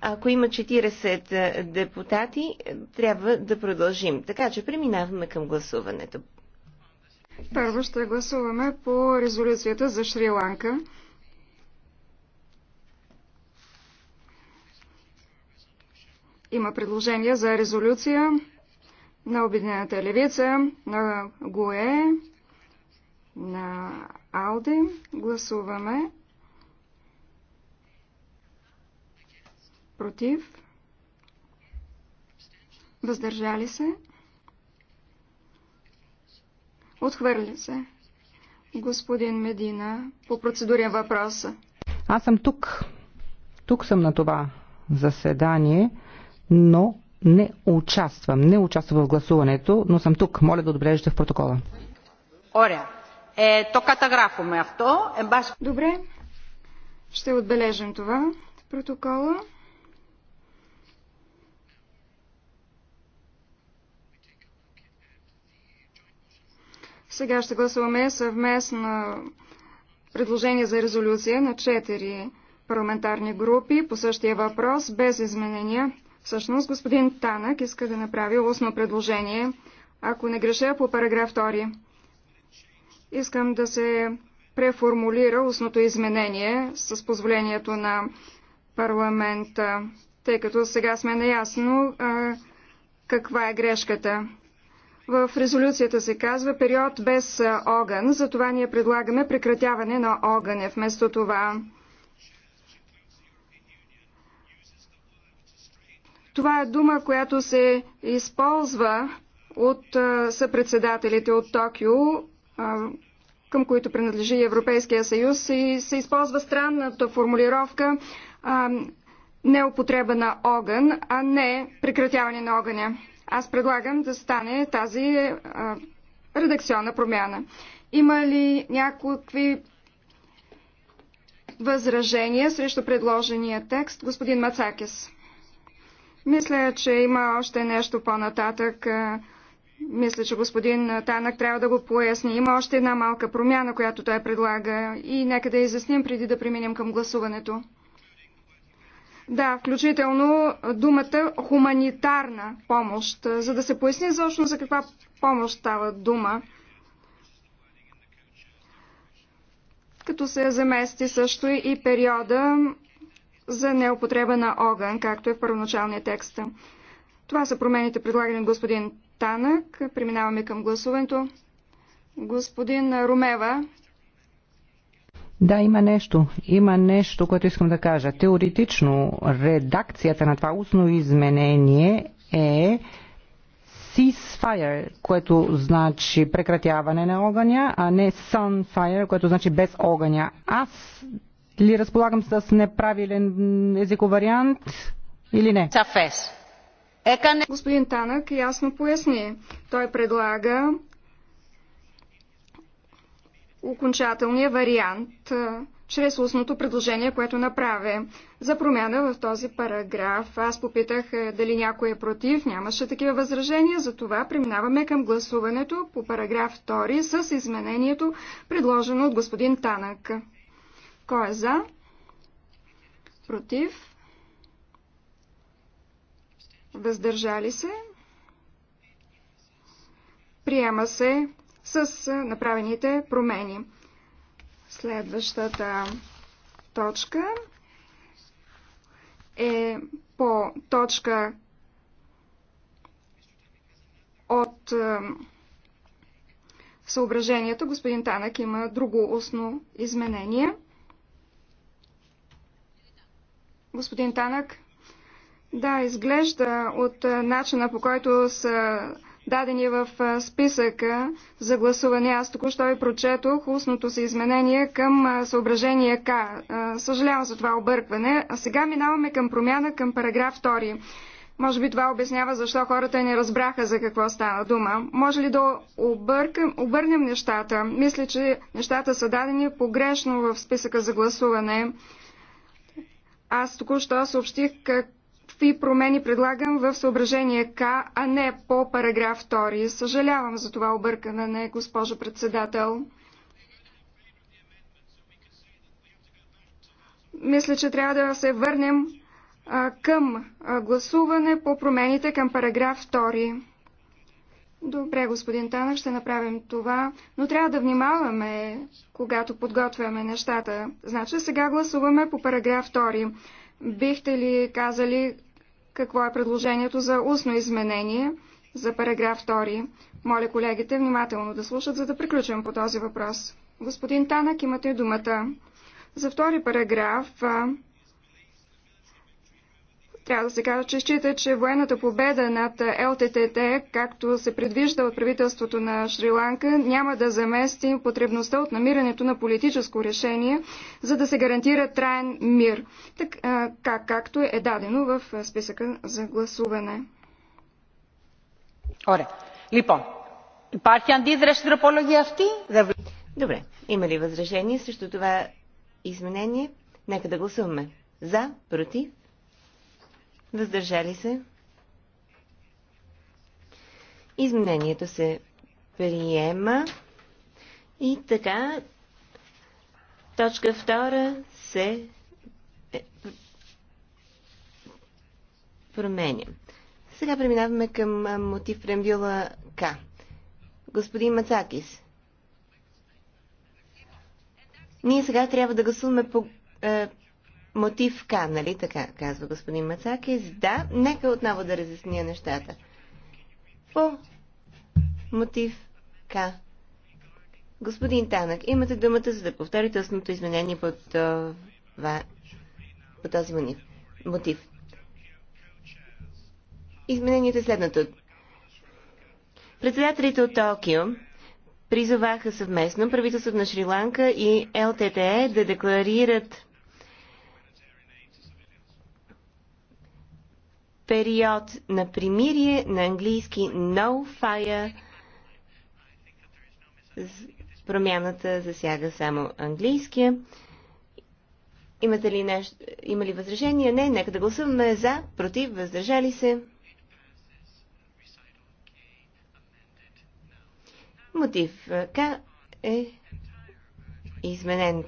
Ако има 40 е, депутати, трябва да продължим. Така че преминаваме към гласуването. Първо ще гласуваме по резолюцията за Шри-Ланка. Има предложение за резолюция на Обединената левица, на ГУЕ, на АЛДЕ. Гласуваме против, въздържали се, отхвърли се. Господин Медина, по процедурен въпрос. Аз съм тук. Тук съм на това заседание, но не участвам. Не участвам в гласуването, но съм тук. Моля да отбележите в протокола. Оря. Е, то катаграфоме авто. Е, Добре. Ще отбележим това в протокола. Сега ще гласуваме съвместно предложение за резолюция на четири парламентарни групи по същия въпрос, без изменения. Всъщност, господин Танък иска да направи устно предложение, ако не греша, по параграф 2. Искам да се преформулира устното изменение с позволението на парламента, тъй като сега сме наясно каква е грешката. В резолюцията се казва период без огън, затова ние предлагаме прекратяване на огъня вместо това. Това е дума, която се използва от съпредседателите от Токио, към които принадлежи Европейския съюз и се използва странната формулировка не употреба на огън, а не прекратяване на огъня. Аз предлагам да стане тази а, редакционна промяна. Има ли някакви възражения срещу предложения текст, господин Мацакис? Мисля, че има още нещо по-нататък. Мисля, че господин Танък трябва да го поясни. Има още една малка промяна, която той предлага и нека да изясним преди да преминем към гласуването. Да, включително думата хуманитарна помощ, за да се поясни точно за каква помощ става дума. Като се замести също и периода за неупотреба на огън, както е в първоначалния текст. Това са промените предлагани от господин Танък. Преминаваме към гласуването. Господин Румева, да, има нещо. Има нещо, което искам да кажа. Теоретично редакцията на това устно изменение е ceasefire, което значи прекратяване на огъня, а не sunfire, което значи без огъня. Аз ли разполагам с неправилен езиков вариант или не? Господин Танък ясно поясни. Той предлага окончателния вариант чрез устното предложение, което направя. За промяна в този параграф аз попитах дали някой е против, нямаше такива възражения, затова преминаваме към гласуването по параграф 2 с изменението, предложено от господин Танък. Кой е за? Против? Въздържали се? Приема се с направените промени. Следващата точка е по точка от съображението. Господин Танък има друго устно изменение. Господин Танък, да, изглежда от начина по който са дадени в списъка за гласуване. Аз току-що ви прочетох устното се изменение към съображение К. Съжалявам за това объркване. А сега минаваме към промяна към параграф 2. Може би това обяснява защо хората не разбраха за какво стана дума. Може ли да объркам, обърнем нещата? Мисля, че нещата са дадени погрешно в списъка за гласуване. Аз току-що съобщих как какви промени предлагам в съображение К, а не по параграф 2. Съжалявам за това объркане, не, госпожо председател. Мисля, че трябва да се върнем а, към а, гласуване по промените към параграф 2. Добре, господин Танък, ще направим това, но трябва да внимаваме, когато подготвяме нещата. Значи сега гласуваме по параграф 2. Бихте ли казали какво е предложението за устно изменение за параграф 2. Моля колегите внимателно да слушат, за да приключим по този въпрос. Господин Танък, имате думата. За втори параграф трябва да се каже, че счита, че военната победа над ЛТТТ, както се предвижда от правителството на Шри-Ланка, няма да замести потребността от намирането на политическо решение, за да се гарантира траен мир, так, как, както е дадено в списъка за гласуване. Оре. Липо, Партия αντίδραση στην τροπολογία αυτή. Добре. Има ли възражение срещу това изменение? Нека да гласуваме. За, против, Въздържали се? Изменението се приема. И така, точка втора се е, променя. Сега преминаваме към мотив прембюла К. Господин Мацакис. Ние сега трябва да гласуваме по е, мотив К, нали така, казва господин Мацакис. Да, нека отново да разясня нещата. По мотив К. Господин Танък, имате думата, за да повторите основното изменение по, това, по този мотив. Изменението е следното. Председателите от Токио призоваха съвместно правителството на Шри-Ланка и ЛТТЕ да декларират период на примирие на английски No Fire. Промяната засяга само английския. Имате ли нещо? Има ли възражения? Не. Нека да гласуваме за, против, въздържали се. Мотив К е изменен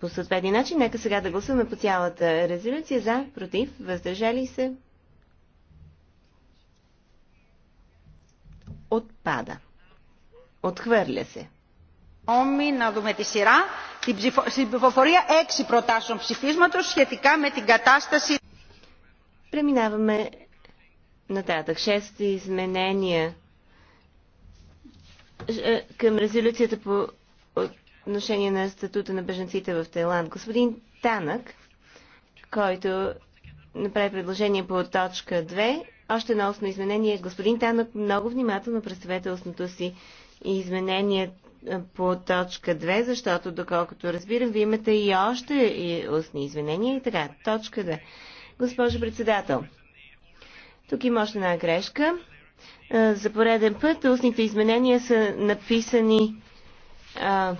по съответния начин. Нека сега да гласуваме по цялата резолюция. За, против, въздържали се. Отпада. Отхвърля се. Όμοι να δούμε сира, σειρά. Στην ψηφοφορία έξι προτάσεων ψηφίσματος σχετικά με την κατάσταση... Преминаваме нататък. Шести изменения е, към резолюцията по отношение на статута на беженците в Тайланд. Господин Танък, който направи предложение по точка 2, още на устно изменение. Господин Танък, много внимателно представете устното си изменение по точка 2, защото, доколкото разбирам, вие имате и още и устни изменения и така. Точка 2. Госпожо председател, тук има още една грешка. За пореден път устните изменения са написани а,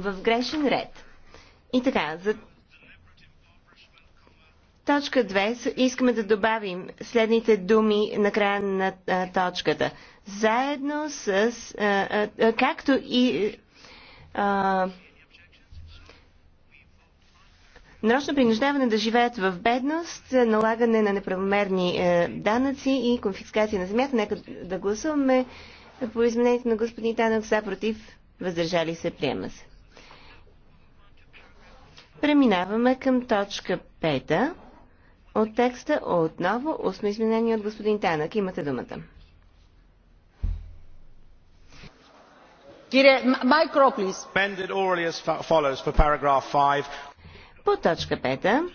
в грешен ред. И така, за точка 2 искаме да добавим следните думи на края на а, точката. Заедно с... А, а, както и... А, нарочно принуждаване да живеят в бедност, налагане на неправомерни е, данъци и конфискация на земята. Нека да гласуваме по изменението на господин Танък са против. Въздържали се, приема се. Преминаваме към точка 5 от текста отново устно изменение от господин Танък. Имате думата. По точка 5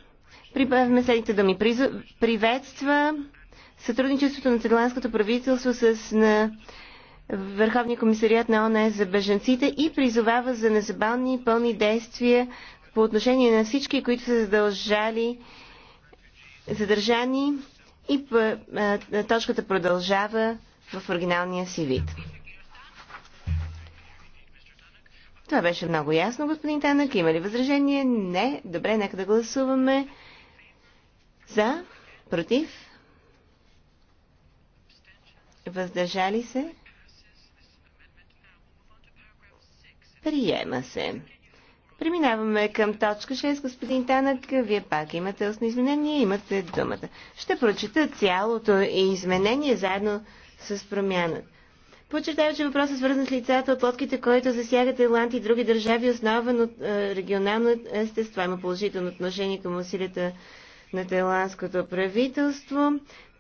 прибавяме следните думи. Приветства сътрудничеството на Тайландското правителство с на Върховния комисариат на ОНЕ за беженците и призовава за незабавни и пълни действия по отношение на всички, които са задължали задържани и точката продължава в оригиналния си вид. Това беше много ясно, господин Танък. Има ли възражение? Не. Добре, нека да гласуваме. За? Против? Въздържали се? Приема се. Преминаваме към точка 6. Господин Танък, вие пак имате устно изменение, имате думата. Ще прочета цялото изменение заедно с промяната. Подчертава, че въпросът е свързан с лицата от лодките, които засягат Ирланд и други държави, основан от е, регионално естество. Има положително отношение към усилията на тайландското правителство.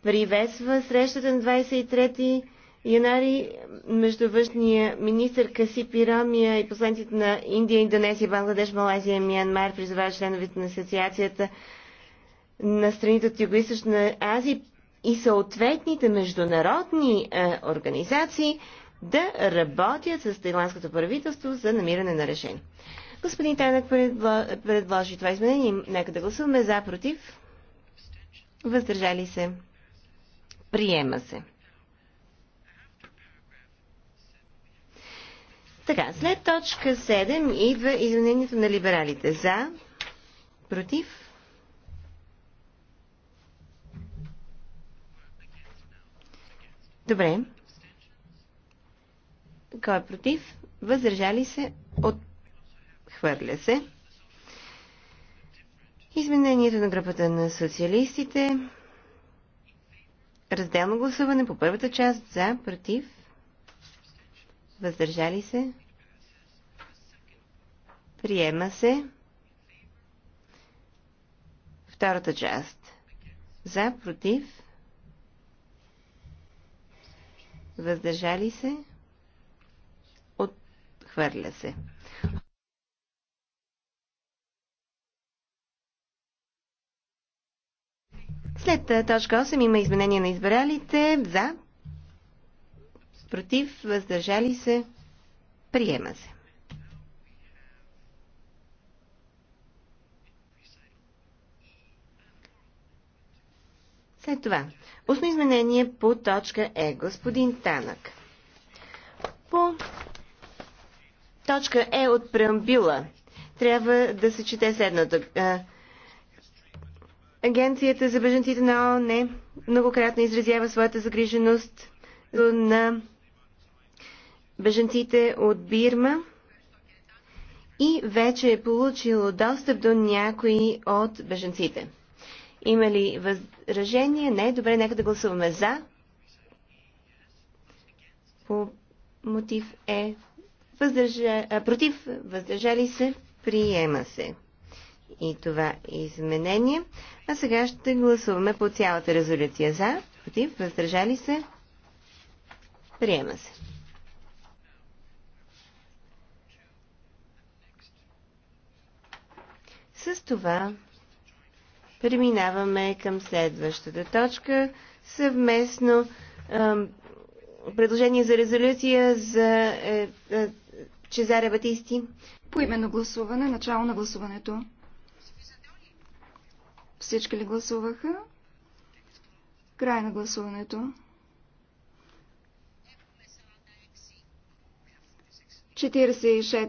Приветства срещата на 23 Янари между външния министр Касип Ирамия и посланците на Индия, Индонезия, Бангладеш, Малайзия и Миянмар призвават членовете на асоциацията на страните от Юго-Источна Азия и съответните международни е, организации да работят с тайландското правителство за намиране на решение. Господин Танък предложи това изменение. Нека да гласуваме за, против. Въздържали се. Приема се. Така, след точка 7 идва изменението на либералите. За, против, Добре. Кой е против? Въздържали се? Отхвърля се. Изменението на групата на социалистите. Разделно гласуване по първата част за, против, Въздържали се? Приема се. Втората част. За, против. Въздържали се? Отхвърля се. След точка 8 има изменение на избиралите за, против, въздържали се, приема се. След това, устно изменение по точка Е, господин Танък. По точка Е от преамбюла трябва да се чете следната. Агенцията за беженците на ООН многократно изразява своята загриженост на беженците от Бирма и вече е получило достъп до някои от беженците. Има ли възражение? Не. Добре, нека да гласуваме за. По мотив е въздържа... а, против, въздържали се, приема се. И това е изменение. А сега ще гласуваме по цялата резолюция за, против, въздържали се, приема се. С това преминаваме към следващата точка. Съвместно предложение за резолюция за е, е, Чезаре Батисти. По именно гласуване, начало на гласуването. Всички ли гласуваха? Край на гласуването. 46